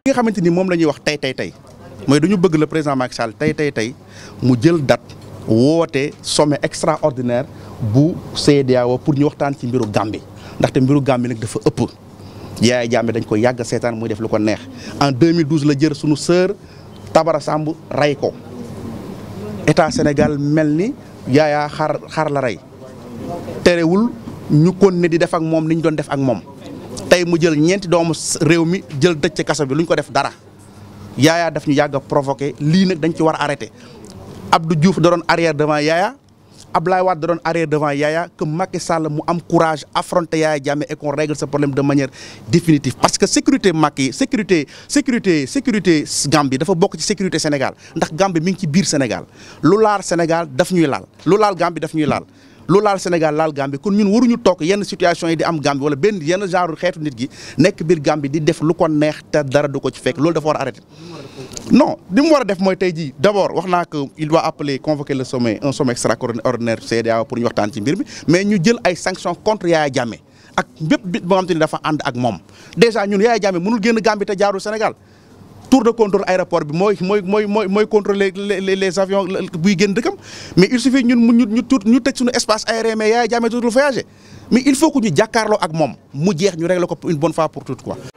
li nga xamante ni moom la ñuy wax tey tey tey mooy dañu bëgg la président Macky Sall tey tey tey mu jël date woote sommet extraordinaire bu CEDEAO pour ñu waxtaan ci mbiru Gambie ndaxte mbiru Gambie nag dafa ëpp. Yaya Jammeh dañ koy yàgg seetaan muy def lu ko neex en 2012 la jër sunu sœur Tabara Samb rey ko état Sénégal mel ni Yaya xar xar la rey terewul ñu kon ne di def ak moom ni ñu doon def ak moom. tey mu jël ñeenti doomu réew mi jël dëj ci kaso bi lu ñu ko def dara Yaya daf ñu yàgg a provoqué lii nag dañ ci war a arrêté Abdou Diouf da doon arrière devant Yaya Abdoulaye Wade da doon arrière devant Yaya que Macky Sall mu am courage affronter Yaya Jammeh e qu'on règle ce problème de manière définitive parce que sécurité Macky sécurité sécurité sécurité Gambie dafa bokk ci sécurité Sénégal ndax Gambie mi ngi ci biir Sénégal lu laal Sénégal daf ñuy laal lu laal Gambie daf ñuy laal lu laal Sénégal laal Gambie kon ñun waruñu toog yenn situation yi di am Gambie wala benn yenn genre xeetu nit gi nekk biir Gambie di def lu ko neex te dara du ko ci fekk loolu dafa war a arrêté. non li war a def mooy tey jii d' abord wax naa que il doit appeler convoquer le sommet un sommet extraordinaire CEDEAO pour ñu waxtaan ci mbir mi mais ñu jël ay sanctions contre Yaya Jammeh ak bépp bit boo xam te ne dafa ànd ak moom dèjà ñun Yaya Jammeh munu génn Gambie te jaarul Sénégal. tour de contrôle aéroport bi mooy mooy mooy mooy mooy contrôler les les avions buy génn dëkkam mais il suffit ñun ñu ñu suñu espace aérien mais Yaya Jammeh dootul voyager mais il faut que ñu jàkkaarloo ak moom mu jeex ñu régler ko pour toutes quoi.